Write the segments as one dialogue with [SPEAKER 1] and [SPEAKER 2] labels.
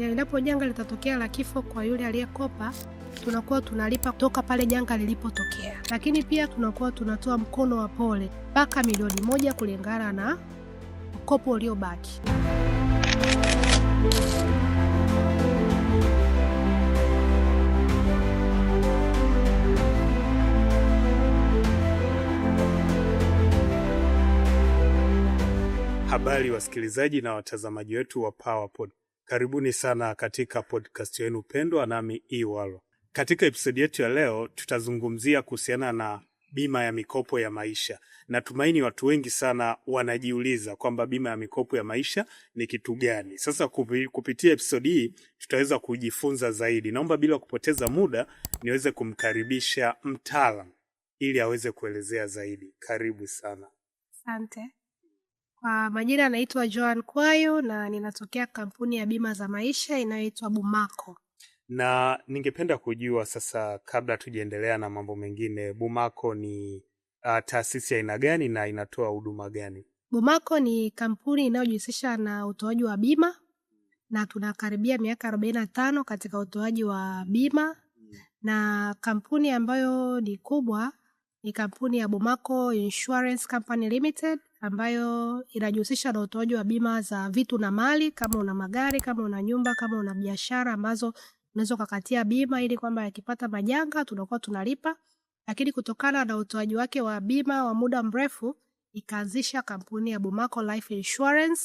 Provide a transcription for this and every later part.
[SPEAKER 1] endapo janga litatokea la kifo kwa yule aliyekopa tunakuwa tunalipa toka pale janga lilipotokea, lakini pia tunakuwa tunatoa mkono wa pole mpaka milioni moja kulingana na mkopo uliobaki.
[SPEAKER 2] Habari wasikilizaji na watazamaji wetu wa Podcast. Karibuni sana katika podcast yenu pendwa, nami Iwalo. Katika episodi yetu ya leo tutazungumzia kuhusiana na bima ya mikopo ya maisha. Natumaini watu wengi sana wanajiuliza kwamba bima ya mikopo ya maisha ni kitu gani. Sasa kupitia episodi hii tutaweza kujifunza zaidi. Naomba bila kupoteza muda niweze kumkaribisha mtaalam ili aweze kuelezea zaidi. Karibu sana.
[SPEAKER 1] Asante. Kwa majina anaitwa Joan Kwayo na ninatokea kampuni ya bima za maisha inayoitwa Bumaco.
[SPEAKER 2] Na ningependa kujua sasa, kabla tujaendelea na mambo mengine, Bumaco ni uh, taasisi ya aina gani na inatoa huduma gani?
[SPEAKER 1] Bumaco ni kampuni inayojihusisha na utoaji wa bima na tunakaribia miaka arobaini na tano katika utoaji wa bima hmm. na kampuni ambayo ni kubwa ni kampuni ya Bumaco Insurance Company Limited ambayo inajihusisha na utoaji wa bima za vitu na mali, kama una magari, kama una nyumba, kama una biashara ambazo unaweza ukakatia bima ili kwamba yakipata majanga tunakuwa tunalipa. Lakini kutokana na utoaji wake wa bima wa muda mrefu, ikaanzisha kampuni ya Bumaco Life Insurance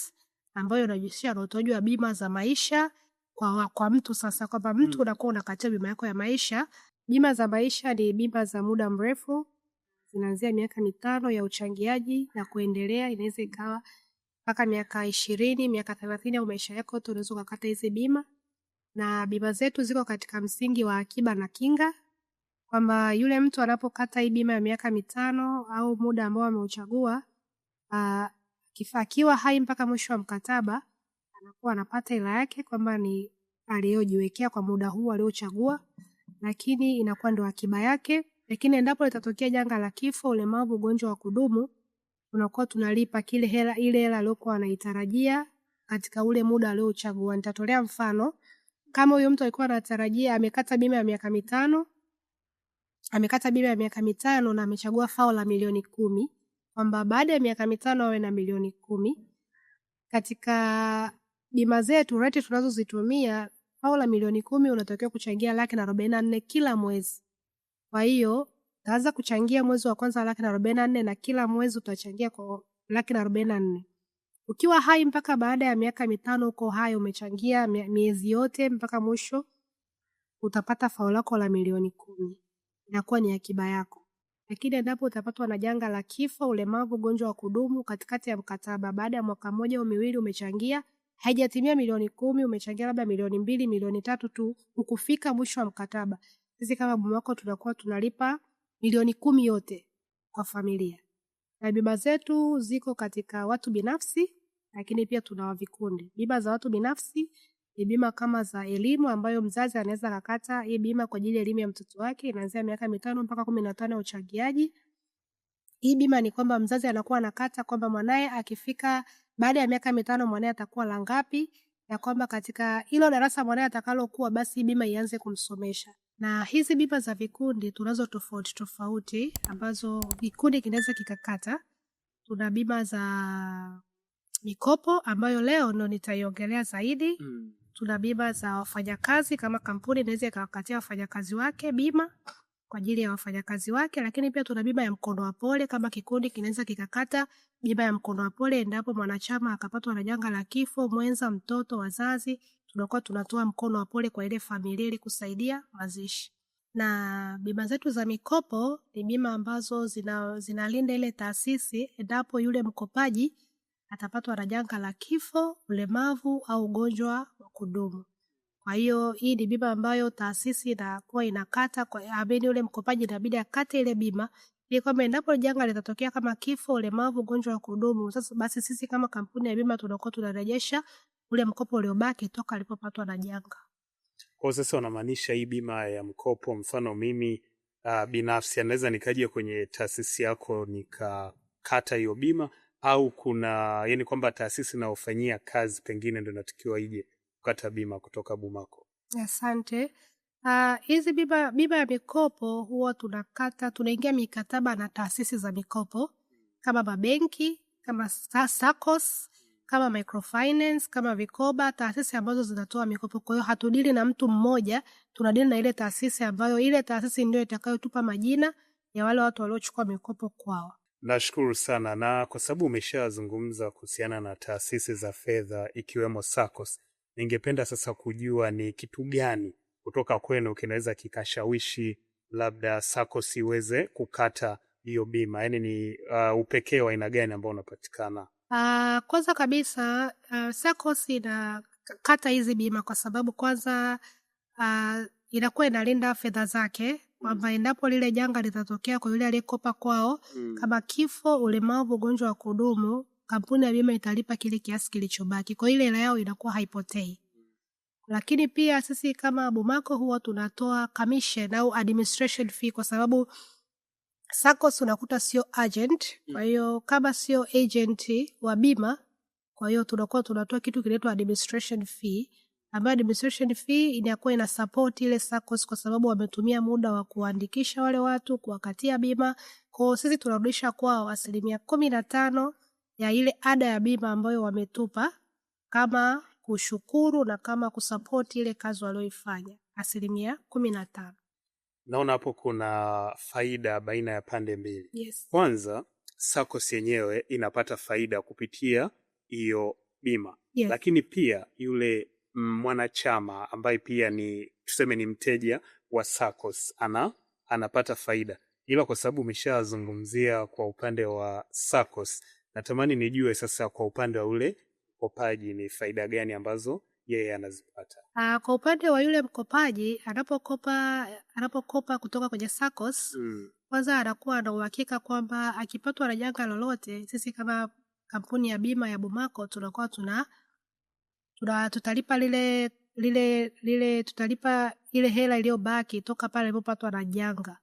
[SPEAKER 1] ambayo inajihusisha na utoaji wa bima za maisha kwa, kwa mtu sasa, kwamba mtu mm. unakuwa unakatia bima yako ya maisha. Bima za maisha ni bima za muda mrefu zinaanzia miaka mitano ya uchangiaji na kuendelea, inaweza ikawa mpaka miaka ishirini, miaka thelathini au maisha yako yote unaweza ukakata hizi bima. Na bima zetu ziko katika msingi wa akiba na kinga, kwamba yule mtu anapokata hii bima ya miaka mitano au muda ambao ameuchagua, akiwa hai mpaka mwisho wa mkataba, anakuwa anapata hela yake, kwamba ni aliyojiwekea kwa muda huu aliochagua, lakini inakuwa ndo akiba yake lakini endapo litatokea janga la kifo, ulemavu, ugonjwa wa kudumu, tunakuwa tunalipa kile hela, ile hela aliyokuwa anaitarajia katika ule muda aliochagua. Nitatolea mfano, kama huyo mtu alikuwa anatarajia amekata bima ya miaka mitano, amekata bima ya miaka mitano na amechagua fao la milioni kumi kwamba baada ya miaka mitano awe na milioni kumi. Katika bima zetu rate tunazozitumia, fao la milioni kumi unatakiwa kuchangia laki na arobaini na nne kila mwezi. Kwa hiyo utaanza kuchangia mwezi wa kwanza laki na arobaini na nne na kila mwezi utachangia kwa laki na arobaini na nne ukiwa hai mpaka baada ya miaka mitano uko hai umechangia miezi yote mpaka mwisho utapata fao lako la milioni kumi inakuwa ni akiba yako lakini endapo utapatwa na janga la kifo ulemavu ugonjwa wa kudumu katikati ya mkataba baada ya mwaka mmoja au miwili umechangia haijatimia milioni kumi umechangia labda milioni mbili milioni tatu tu ukufika mwisho wa mkataba sisi kama wako tunakuwa tunalipa milioni kumi yote kwa familia, na bima zetu ziko katika watu binafsi, lakini pia tuna vikundi. Bima za watu binafsi ni bima kama za elimu ambayo mzazi anaweza akakata hii bima kwa ajili ya elimu ya mtoto wake, inaanzia miaka mitano mpaka kumi na tano ya uchangiaji. Hii bima ni kwamba mzazi anakuwa anakata kwamba mwanaye akifika baada ya miaka mitano mwanaye atakuwa la ngapi, na kwamba katika hilo darasa mwanaye atakalokuwa, basi hii bima ianze kumsomesha na hizi bima za vikundi tunazo tofauti tofauti, ambazo kikundi kinaweza kikakata. Tuna bima za mikopo ambayo leo ndo nitaiongelea zaidi mm. Tuna bima za wafanyakazi, kama kampuni inaweza ikawakatia wafanyakazi wake bima kwa ajili ya wafanyakazi wake, lakini pia tuna bima ya mkono wa pole, kama kikundi kinaweza kikakata bima ya mkono wa pole endapo mwanachama akapatwa na janga la kifo, mwenza, mtoto, wazazi tunakuwa tunatoa mkono wa pole kwa ile familia ili kusaidia mazishi. Na bima zetu za mikopo ni bima ambazo zina, zinalinda ile taasisi endapo yule mkopaji atapatwa na janga la kifo, ulemavu au ugonjwa wa kudumu. Kwa hiyo hii ni bima ambayo taasisi inakuwa inakata kwa amini, yule mkopaji inabidi akate ile bima ili kwamba endapo janga litatokea kama kifo, ulemavu, ugonjwa wa kudumu, sasa basi sisi kama kampuni ya bima tunakuwa tunarejesha ule mkopo uliobaki toka alipopatwa na janga.
[SPEAKER 2] Kwa sasa unamaanisha hii bima ya mkopo, mfano mimi uh, binafsi anaweza nikaja kwenye taasisi yako nikakata hiyo bima au kuna yani kwamba taasisi inayofanyia kazi pengine ndo inatakiwa ije kukata bima kutoka Bumaco?
[SPEAKER 1] Asante. Ah, hizi uh, bima, bima ya mikopo huwa tunakata, tunaingia mikataba na taasisi za mikopo kama mabenki kama SACCOS kama microfinance, kama vikoba, taasisi ambazo zinatoa mikopo. Kwa hiyo hatudili na mtu mmoja, tunadili na ile taasisi ambayo ile taasisi ndio itakayotupa majina ya wale watu waliochukua mikopo kwao.
[SPEAKER 2] Nashukuru sana. Na kwa sababu umeshazungumza kuhusiana na taasisi za fedha ikiwemo sacos ningependa sasa kujua ni kitu gani kutoka kwenu kinaweza kikashawishi labda sacos iweze kukata hiyo bima, yaani ni uh, upekee wa aina gani ambao unapatikana
[SPEAKER 1] Uh, kwanza kabisa uh, ah, SACCOS inakata hizi bima kwa sababu kwanza uh, inakuwa inalinda fedha zake kwamba mm. endapo lile janga litatokea kwa yule aliyekopa kwao, mm. kama kifo, ulemavu, ugonjwa wa kudumu, kampuni ya bima italipa kile kiasi kilichobaki, kwa ile hela yao inakuwa haipotei. Lakini pia sisi kama Bumaco huwa tunatoa commission au administration fee kwa sababu SACCOS unakuta sio agent, mm. kwa hiyo kama sio agent wa bima, kwa hiyo tunakuwa tunatoa kitu kinaitwa administration fee, ambayo administration fee inakuwa ina support ile SACCOS kwa sababu wametumia muda wa kuandikisha wale watu, kuwakatia bima. Kwa hiyo sisi tunarudisha kwao asilimia kumi na tano ya ile ada ya bima ambayo wametupa kama kushukuru na kama kusapoti ile kazi walioifanya, asilimia kumi na tano
[SPEAKER 2] naona hapo kuna faida baina ya pande mbili. Yes. Kwanza sacos yenyewe inapata faida kupitia hiyo bima. Yes. Lakini pia yule mwanachama ambaye pia ni tuseme ni mteja wa sacos ana anapata faida, ila kwa sababu umeshazungumzia kwa upande wa sacos natamani nijue sasa kwa upande wa ule kopaji ni faida gani ambazo yeye anazipata.
[SPEAKER 1] Ah, kwa upande wa yule mkopaji anapokopa anapokopa kutoka kwenye sacos mm. Kwanza anakuwa ana uhakika kwamba akipatwa na janga lolote, sisi kama kampuni ya bima ya Bumaco tunakuwa tuna, tuna tutalipa lile lile lile tutalipa ile hela iliyobaki toka pale alipopatwa na janga.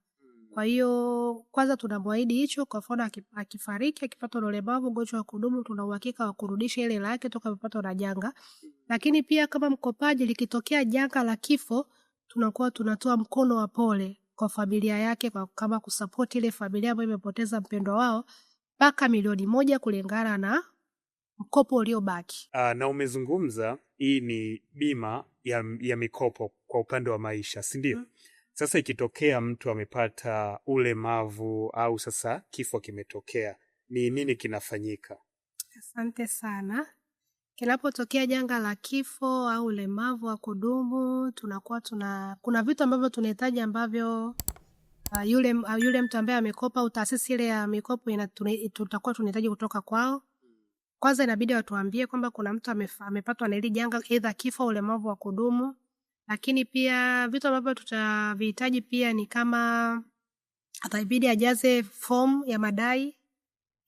[SPEAKER 1] Kwa hiyo kwanza tunamwahidi hicho, kwa mfano akifariki, akipata na ulemavu, ugonjwa wa kudumu, tuna uhakika wa kurudisha ile hela yake toka amepatwa na janga. Lakini pia kama mkopaji, likitokea janga la kifo, tunakuwa tunatoa mkono wa pole kwa familia yake, kwa kama kusapoti ile familia ambayo imepoteza mpendwa wao mpaka milioni moja kulingana na mkopo uliobaki.
[SPEAKER 2] Uh, na umezungumza hii ni bima ya, ya mikopo kwa upande wa maisha, si mm. Sasa ikitokea mtu amepata ulemavu au sasa kifo kimetokea, ni nini kinafanyika?
[SPEAKER 1] Asante sana. Kinapotokea janga la kifo au ulemavu wa kudumu, tunakuwa tuna kuna vitu ambavyo tunahitaji ambavyo uh, yule, uh, yule mtu ambaye amekopa au taasisi ile ya mikopo tutakuwa tunahitaji kutoka kwao. Kwanza inabidi watuambie kwamba kuna mtu amepatwa na hili janga, aidha kifo au ulemavu wa kudumu lakini pia vitu ambavyo tutavihitaji pia ni kama atabidi ajaze fomu ya madai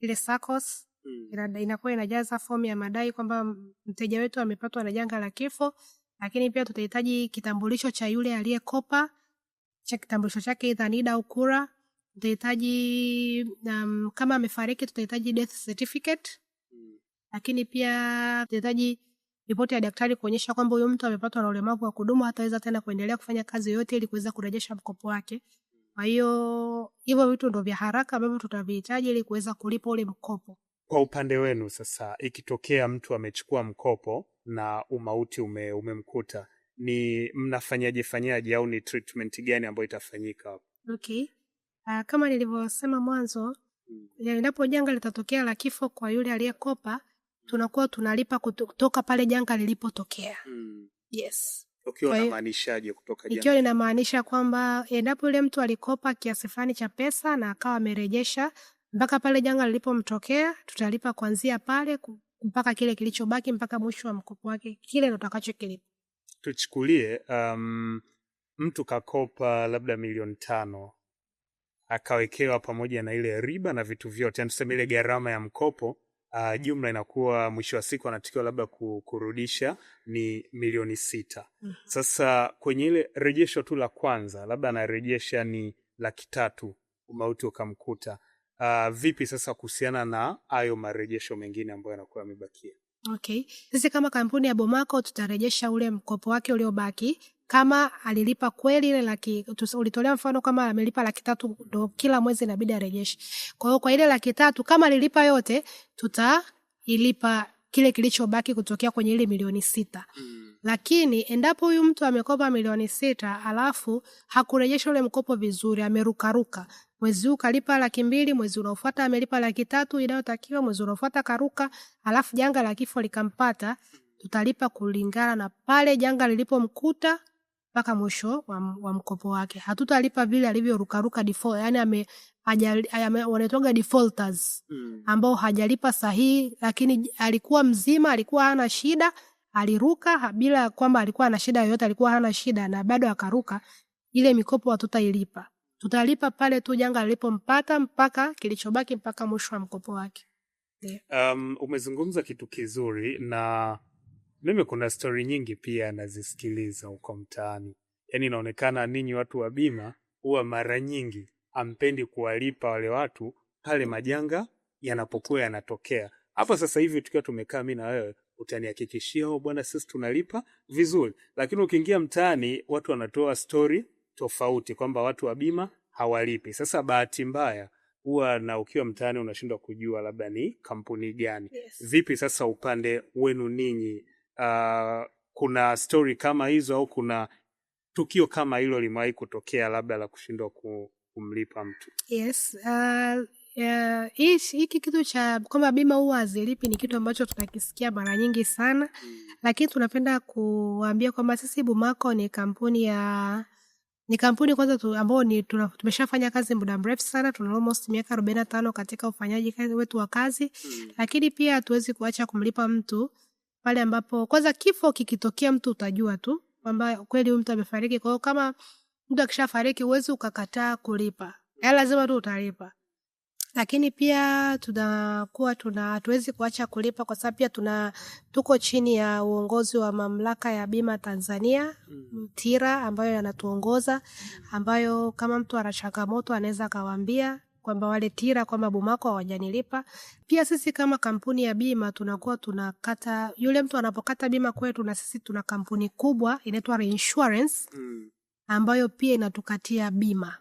[SPEAKER 1] ile sacos mm. inakuwa inajaza fomu ya madai kwamba mteja wetu amepatwa na janga la kifo, lakini pia tutahitaji kitambulisho cha yule aliyekopa cha kitambulisho chake idha au kura. Tutahitaji um, kama amefariki tutahitaji death certificate mm. lakini pia tutahitaji Ripoti ya daktari kuonyesha kwamba huyo mtu amepatwa na ulemavu wa kudumu, hataweza tena kuendelea kufanya kazi yoyote ili kuweza kurejesha mkopo wake. Kwa hiyo hivyo vitu ndo vya haraka ambavyo tutavihitaji ili kuweza kulipa ule mkopo.
[SPEAKER 2] Kwa upande wenu sasa, ikitokea mtu amechukua mkopo na umauti ume, umemkuta ni mnafanyaje fanyaje au ni treatment gani ambayo itafanyika?
[SPEAKER 1] Okay. Uh, kama nilivyosema mwanzo, hmm. endapo janga litatokea la kifo kwa yule aliyekopa, tunakuwa tunalipa kutoka pale janga lilipotokea. mm. Yes. Ikiwa linamaanisha kwamba endapo yule mtu alikopa kiasi fulani cha pesa na akawa amerejesha mpaka pale janga lilipomtokea, tutalipa kuanzia pale mpaka kile kilichobaki mpaka mwisho wa mkopo wake, kile ndo utakachokilipa.
[SPEAKER 2] Tuchukulie um, mtu kakopa labda milioni tano akawekewa pamoja na ile riba na vitu vyote, tuseme ile gharama ya mkopo uh, jumla inakuwa mwisho wa siku anatakiwa labda kurudisha ni milioni sita. mm -hmm. Sasa kwenye ile rejesho tu la kwanza labda anarejesha ni laki tatu, umauti ukamkuta uh, vipi sasa kuhusiana na hayo marejesho mengine ambayo yanakuwa yamebakia?
[SPEAKER 1] Okay, sisi kama kampuni ya Bomako tutarejesha ule mkopo wake uliobaki kama alilipa kweli ile laki, ulitolea mfano kama amelipa laki tatu ndo kila mwezi inabidi arejeshe. Kwa hiyo kwa ile laki tatu kama alilipa yote, tutailipa kile kilichobaki kutokea kwenye ile milioni sita mm. Lakini endapo huyu mtu amekopa milioni sita alafu hakurejesha ule mkopo vizuri, amerukaruka mwezi huu kalipa laki mbili, mwezi unaofuata amelipa laki tatu inayotakiwa, mwezi unaofuata karuka, alafu janga la kifo likampata, tutalipa kulingana na pale janga lilipomkuta mpaka mwisho wa, wa mkopo wake. Hatutalipa vile alivyorukaruka default, yani ame, wanaitwaga defaulters hmm. ambao hajalipa sahihi, lakini alikuwa mzima, alikuwa hana shida, aliruka bila kwamba alikuwa ana shida yoyote, alikuwa hana shida na bado akaruka. Ile mikopo hatutailipa, tutalipa pale tu janga lilipompata mpaka kilichobaki mpaka mwisho wa mkopo wake.
[SPEAKER 2] Um, umezungumza kitu kizuri na mimi kuna stori nyingi pia nazisikiliza huko mtaani, yaani inaonekana ninyi watu wa bima huwa mara nyingi ampendi kuwalipa wale watu pale majanga yanapokuwa yanatokea. hapo sasa hivi tukiwa tumekaa mi na wewe utanihakikishia oh, bwana sisi tunalipa vizuri, lakini ukiingia mtaani watu wanatoa stori tofauti kwamba watu wa bima hawalipi. Sasa bahati mbaya huwa na ukiwa mtaani unashindwa kujua labda ni kampuni gani. Yes. Vipi sasa upande wenu ninyi uh, kuna stori kama hizo au kuna tukio kama hilo limewahi kutokea labda la kushindwa kumlipa mtu?
[SPEAKER 1] Yes, uh, yeah, uh, hiki kitu cha kwamba bima huwa hazilipi ni kitu ambacho tunakisikia mara nyingi sana hmm. Lakini tunapenda kuambia kwamba sisi Bumaco ni kampuni ya ni kampuni kwanza tu, ambao ni tumeshafanya kazi muda mrefu sana, tuna almost miaka arobaini na tano katika ufanyaji wetu wa kazi mm. Lakini pia hatuwezi kuacha kumlipa mtu pale ambapo kwanza kifo kikitokea mtu utajua tu kwamba kweli huyu mtu amefariki. kwao kama mtu akishafariki huwezi ukakataa kulipa, ya yaani lazima tu utalipa. Lakini pia tunakuwa tuna hatuwezi kuacha kulipa kwa sababu pia tuna tuko chini ya uongozi wa mamlaka ya bima Tanzania mm. TIRA ambayo yanatuongoza, ambayo kama mtu ana changamoto anaweza akawambia kwamba wale TIRA kwamba Bumaco hawajanilipa. Pia sisi kama kampuni ya bima tunakuwa tunakata, yule mtu anapokata bima kwetu, na sisi tuna kampuni kubwa inaitwa reinsurance mm. ambayo pia inatukatia bima.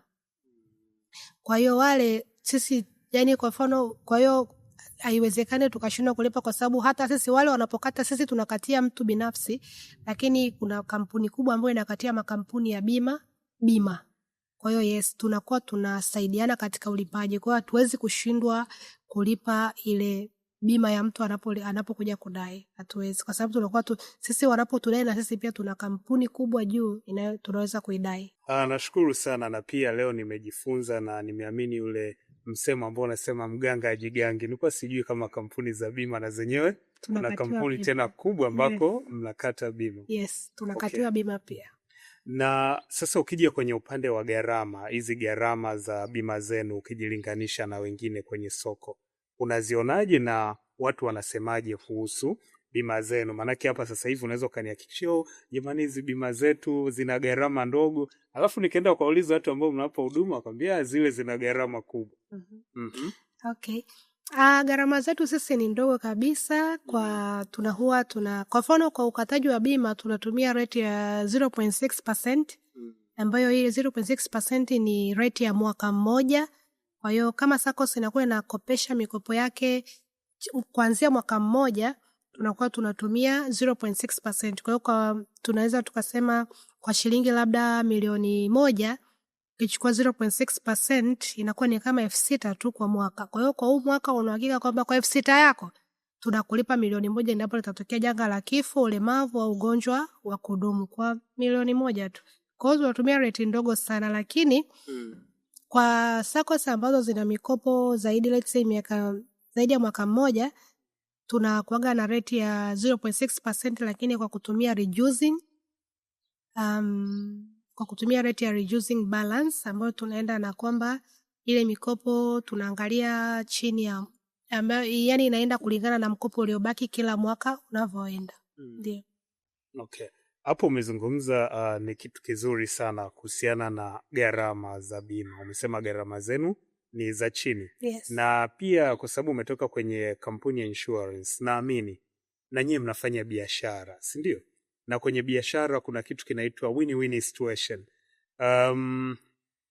[SPEAKER 1] Kwa hiyo wale sisi yani, kwa mfano, kwa hiyo haiwezekani tukashindwa kulipa kwa sababu hata sisi wale wanapokata, sisi tunakatia mtu binafsi, lakini kuna kampuni kubwa ambayo inakatia makampuni ya bima bima. Kwa hiyo yes, tunakuwa tunasaidiana katika ulipaji. Kwa hiyo hatuwezi kushindwa kulipa ile bima ya mtu anapo anapokuja kudai, hatuwezi kwa sababu tunakuwa tu, sisi wanapotudai na sisi pia tuna kampuni kubwa juu inayo tunaweza kuidai.
[SPEAKER 2] Ah, nashukuru sana na pia leo nimejifunza na nimeamini ule msemo ambao unasema mganga ajigangi. Nilikuwa sijui kama kampuni za bima na zenyewe tuna kampuni bima tena kubwa ambako yes, mnakata bima.
[SPEAKER 1] Yes, tunakatiwa okay, bima pia.
[SPEAKER 2] Na sasa ukija kwenye upande wa gharama, hizi gharama za bima zenu ukijilinganisha na wengine kwenye soko unazionaje, na watu wanasemaje kuhusu bima zenu? Maanake hapa sasa hivi unaweza ukanihakikishia oh, jamani, hizi bima zetu zina gharama ndogo, alafu nikaenda kuwauliza watu ambao mnawapa huduma, wakwambia ah, zile zina gharama kubwa. mm -hmm.
[SPEAKER 1] mm -hmm. Okay. Ah, gharama zetu sisi ni ndogo kabisa kwa mm-hmm. tunahua tuna kwa mfano kwa ukataji wa bima tunatumia rate ya 0.6% mm-hmm. ambayo hii 0.6% ni rate ya mwaka mmoja. Kwa hiyo kama SACCOS inakuwa inakopesha mikopo yake kuanzia mwaka mmoja tunakuwa tunatumia 0.6%. Kwa hiyo kwa tunaweza tukasema kwa shilingi labda milioni moja ukichukua 0.6% inakuwa ni kama elfu sita tu kwa mwaka. Kwa hiyo kwa huu mwaka unahakika kwamba kwa elfu sita yako tunakulipa milioni moja endapo litatokea janga la kifo, ulemavu au ugonjwa wa kudumu, kwa milioni moja tu. Kwa hiyo tunatumia rate ndogo sana, lakini hmm. kwa SACCOS ambazo zina mikopo zaidi let's say miaka zaidi ya mwaka mmoja tunakuaga na rate ya 0.6%, lakini kwa kutumia reducing um, kwa kutumia rate ya reducing balance ambayo tunaenda na kwamba ile mikopo tunaangalia chini ya ambayo yani inaenda kulingana na mkopo uliobaki kila mwaka unavyoenda. Hmm. Ndio.
[SPEAKER 2] hmm. Okay. Hapo umezungumza uh, ni kitu kizuri sana kuhusiana na gharama za bima. Umesema gharama zenu ni za chini. Yes. Na pia kwa sababu umetoka kwenye kampuni ya insurance, naamini na nyie mnafanya biashara, si na kwenye biashara kuna kitu kinaitwa win Um,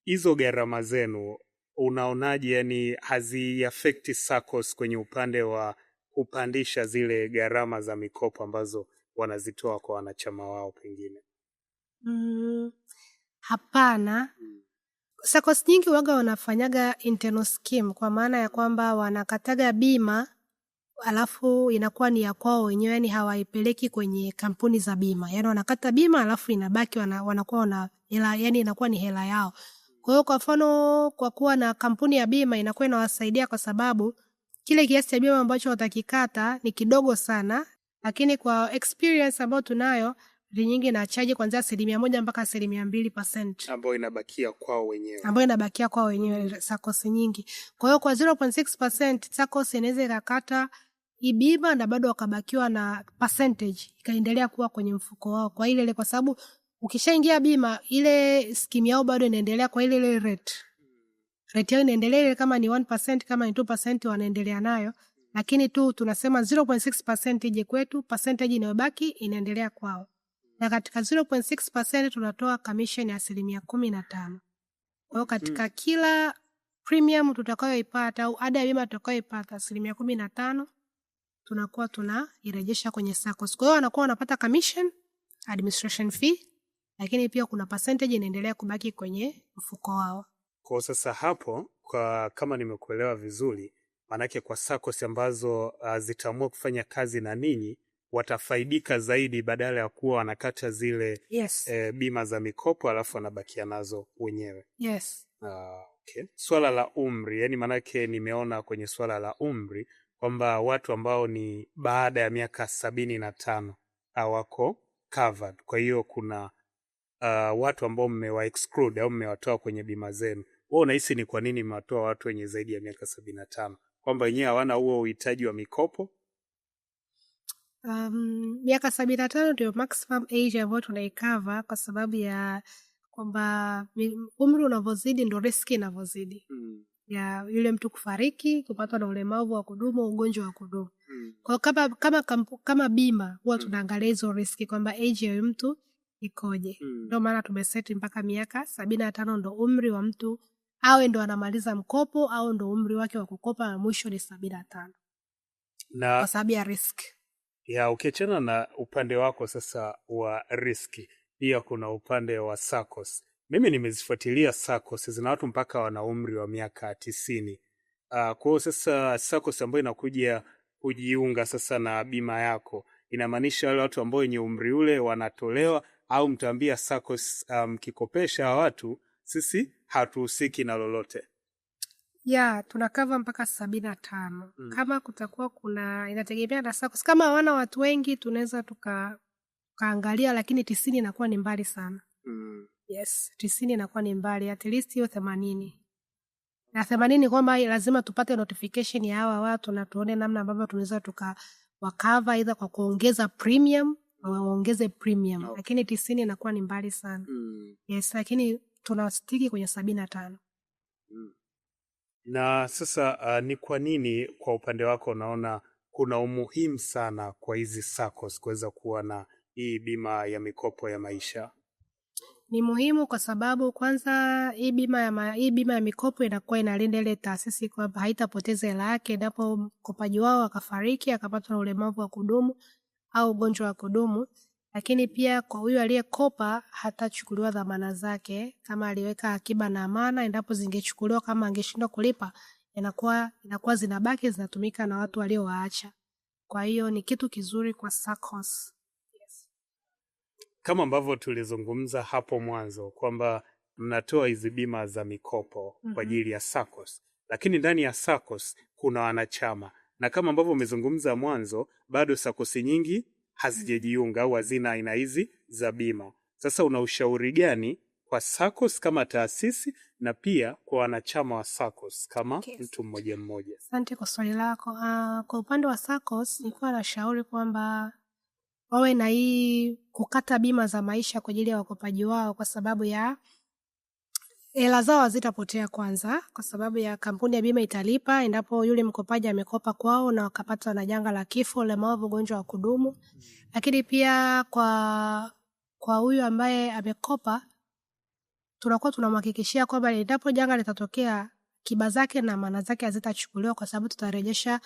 [SPEAKER 2] hizo gharama zenu unaonaje, yani haziafekti SACCOS kwenye upande wa kupandisha zile gharama za mikopo ambazo wanazitoa kwa wanachama wao pengine?
[SPEAKER 1] Mm, hapana. Mm. SACCOS nyingi waga wanafanyaga internal scheme, kwa maana ya kwamba wanakataga bima alafu inakuwa ni ya kwao wenyewe, yani hawaipeleki kwenye kampuni za bima, yani wanakata bima alafu inabaki wana, wanakuwa wana hela, yani inakuwa ni hela yao. Kwa hiyo kwa mfano, kwa kuwa na kampuni ya bima inakuwa inawasaidia kwa sababu kile kiasi cha bima ambacho watakikata ni kidogo sana, lakini kwa experience ambayo tunayo ri nyingi inachaji kwanzia asilimia moja mpaka asilimia mbili percent
[SPEAKER 2] ambayo inabakia kwao wenyewe,
[SPEAKER 1] ambayo inabakia kwao wenyewe sakosi nyingi. Kwa hiyo kwa 0.6 percent sakosi inaweza ikakata hii bima na bado wakabakiwa na percentage ikaendelea kuwa kwenye mfuko wao kwa ile ile, kwa sababu ukishaingia bima ile skimu yao bado inaendelea kwa ile ile rate rate yao inaendelea ile, kama ni 1% kama ni 2% wanaendelea nayo, lakini tu tunasema 0.6% ije kwetu, percentage inayobaki inaendelea kwao, na katika 0.6% tunatoa commission ya asilimia kumi na tano. Kwa hiyo katika hmm. kila premium tutakayoipata au ada ya bima tutakayoipata asilimia kumi na tano tunakuwa tunairejesha kwenye SACCOS. Kwa hiyo wanakuwa wanapata commission, administration fee, lakini pia kuna percentage inaendelea kubaki kwenye mfuko wao.
[SPEAKER 2] Kwa sasa hapo, kwa kama nimekuelewa vizuri, maanake kwa SACCOS ambazo uh, zitaamua kufanya kazi na ninyi watafaidika zaidi badala ya kuwa wanakata zile yes. E, bima za mikopo alafu wanabakia nazo wenyewe yes. Uh, okay. Swala la umri, yani maanake nimeona kwenye swala la umri kwamba watu ambao ni baada ya miaka sabini na tano hawako covered. Kwa hiyo kuna uh, watu ambao mmewa exclude au mmewatoa kwenye bima zenu. Wewe unahisi ni kwa nini mmewatoa watu wenye zaidi ya miaka sabini na tano? Kwamba wenyewe hawana huo uhitaji wa mikopo?
[SPEAKER 1] Um, miaka sabini na tano ndio maximum age ambayo tunaikava kwa sababu ya kwamba umri unavyozidi ndo riski inavyozidi. Hmm ya yule mtu kufariki, kupatwa na ulemavu wa kudumu, ugonjwa wa kudumu. Hmm. Kwa kama kama kama bima huwa hmm. tunaangalia hizo riski kwamba age ya mtu ikoje. Hmm. Ndio maana tumeseti mpaka miaka sabini na tano ndo umri wa mtu awe ndo anamaliza mkopo au ndo umri wake wa kukopa mwisho ni sabini na tano kwa sababu ya risk
[SPEAKER 2] ya ukiachana na upande wako sasa wa riski, pia kuna upande wa sacos mimi nimezifuatilia SACCOS zina watu mpaka wana umri wa miaka tisini. Uh, kwa hiyo sasa SACCOS ambayo inakuja kujiunga sasa na bima yako inamaanisha wale watu ambao wenye umri ule wanatolewa, au mtaambia SACCOS mkikopesha um, watu sisi hatuhusiki na lolote
[SPEAKER 1] ya tunakava mpaka sabini na tano mm. Kama kutakuwa kuna inategemea na SACCOS, kama hawana watu wengi tunaweza tukaangalia tuka, lakini tisini inakuwa ni mbali sana mm. Yes, tisini inakuwa ni mbali, at least hiyo themanini na themanini kwamba lazima tupate notification ya hawa watu na tuone namna ambavyo tunaweza tukawakava, aidha kwa kuongeza premium waongeze premium okay. Lakini tisini inakuwa ni mbali sana mm. Yes, lakini tunastiki kwenye sabini na tano mm.
[SPEAKER 2] Na sasa uh, ni kwa nini kwa upande wako unaona kuna umuhimu sana kwa hizi SACCOS kuweza kuwa na hii bima ya mikopo ya maisha?
[SPEAKER 1] ni muhimu kwa sababu kwanza hii bima ya hii bima ya mikopo inakuwa inalinda ile taasisi kwamba haitapoteza hela yake endapo mkopaji wao akafariki akapatwa na ulemavu wa kudumu au ugonjwa wa kudumu lakini pia kwa huyu aliyekopa hatachukuliwa dhamana zake kama aliweka akiba na amana endapo zingechukuliwa kama angeshindwa kulipa inakuwa inakuwa zinabaki zinatumika na watu waliowaacha kwa hiyo ni kitu kizuri kwa SACCOS
[SPEAKER 2] kama ambavyo tulizungumza hapo mwanzo kwamba mnatoa hizi bima za mikopo mm -hmm. kwa mm-hmm. ajili ya SACOS. lakini ndani ya SACOS kuna wanachama, na kama ambavyo umezungumza mwanzo, bado SACOS nyingi hazijajiunga au hazina aina hizi za bima. Sasa una ushauri gani kwa SACOS kama taasisi na pia kwa wanachama wa SACOS kama okay. mtu mmoja mmoja?
[SPEAKER 1] Asante kwa swali lako. Uh, kwa upande wa SACCOS nilikuwa nashauri kwamba wawe na hii kukata bima za maisha kwa ajili ya wakopaji wao, kwa sababu ya hela zao hazitapotea kwanza, kwa sababu ya kampuni ya bima italipa endapo yule mkopaji amekopa kwao na wakapata na janga la kifo, ulemavu, ugonjwa wa kudumu. Mm. Lakini pia kwa kwa huyu ambaye amekopa, tunakuwa tunamhakikishia kwamba endapo janga litatokea, kiba zake na maana zake hazitachukuliwa, kwa sababu tutarejesha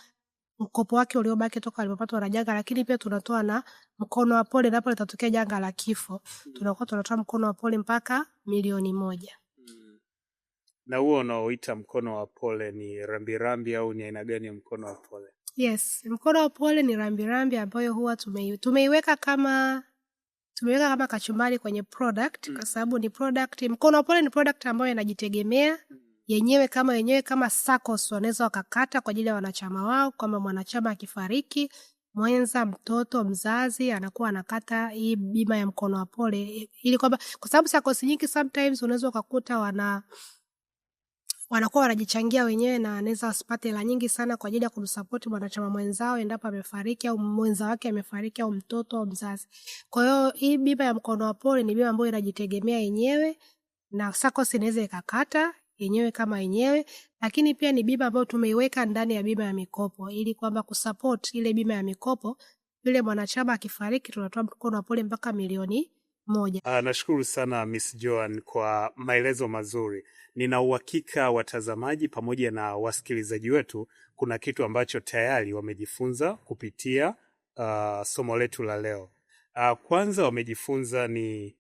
[SPEAKER 1] mkopo wake uliobaki toka alipopatwa na janga, lakini pia tunatoa na mkono wa pole napo litatokea janga la kifo hmm. tunakuwa tunatoa mkono wa pole mpaka milioni moja hmm.
[SPEAKER 2] na huo unaoita mkono wa pole ni rambirambi rambi au ni aina gani ya mkono wa pole?
[SPEAKER 1] Yes, mkono wa pole ni rambirambi ambayo huwa tumeiweka tume kama tumeweka kama kachumbari kwenye product mm. kwa sababu ni product. Mkono wa pole ni product ambayo inajitegemea mm yenyewe kama yenyewe kama SACCOS wanaweza wakakata kwa ajili ya wanachama wao, kwamba mwanachama akifariki, mwenza, mtoto, mzazi anakuwa anakata hii bima ya mkono wa pole, ili kwamba kwa sababu SACCOS nyingi sometimes unaweza ukakuta wana wanakuwa wanajichangia wenyewe na wanaweza wasipate hela nyingi sana kwa ajili ya kumsapoti mwanachama mwenzao endapo amefariki au mwenza wake amefariki au mtoto au mzazi. Kwa hiyo hii bima ya mkono wa pole ni bima ambayo inajitegemea yenyewe na SACCOS inaweza ikakata yenyewe kama yenyewe, lakini pia ni bima ambayo tumeiweka ndani ya bima ya mikopo ili kwamba kusupport ile bima ya mikopo, yule mwanachama akifariki, tunatoa mkono wa pole mpaka milioni moja.
[SPEAKER 2] Uh, nashukuru sana Miss Joan kwa maelezo mazuri. Nina uhakika watazamaji pamoja na wasikilizaji wetu kuna kitu ambacho tayari wamejifunza kupitia uh, somo letu la leo. Uh, kwanza wamejifunza ni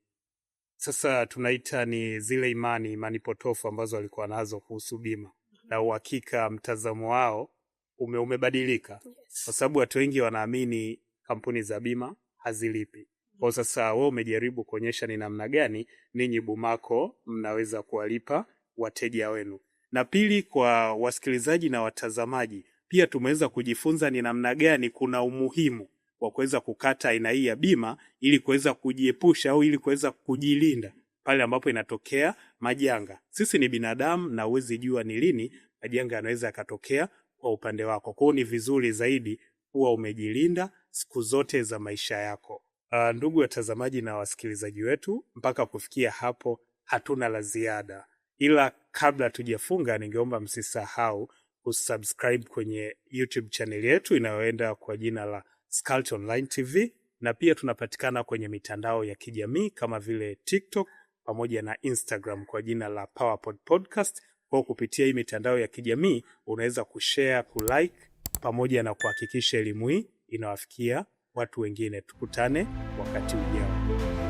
[SPEAKER 2] sasa tunaita ni zile imani imani potofu ambazo walikuwa nazo kuhusu bima mm -hmm. na mhm. uhakika mtazamo wao ume, umebadilika yes. kwa sababu watu wengi wanaamini kampuni za bima hazilipi kwa mhm. sasa wewe umejaribu kuonyesha ni namna gani ninyi Bumako mnaweza kuwalipa wateja wenu. Na pili, kwa wasikilizaji na watazamaji pia tumeweza kujifunza ni namna gani kuna umuhimu wa kuweza kukata aina hii ya bima ili kuweza kujiepusha au ili kuweza kujilinda pale ambapo inatokea majanga. Sisi ni binadamu na huwezi jua ni lini majanga yanaweza yakatokea kwa upande wako. Kwa hiyo ni vizuri zaidi huwa umejilinda siku zote za maisha yako. Uh, ndugu watazamaji na wasikilizaji wetu, mpaka kufikia hapo hatuna la ziada, ila kabla tujafunga, ningeomba msisahau kusubscribe kwenye YouTube channel yetu inayoenda kwa jina la Skalt Online TV na pia tunapatikana kwenye mitandao ya kijamii kama vile TikTok pamoja na Instagram kwa jina la PowerPod Podcast. Kwa kupitia hii mitandao ya kijamii unaweza kushare, kulike pamoja na kuhakikisha elimu hii inawafikia watu wengine. Tukutane wakati ujao.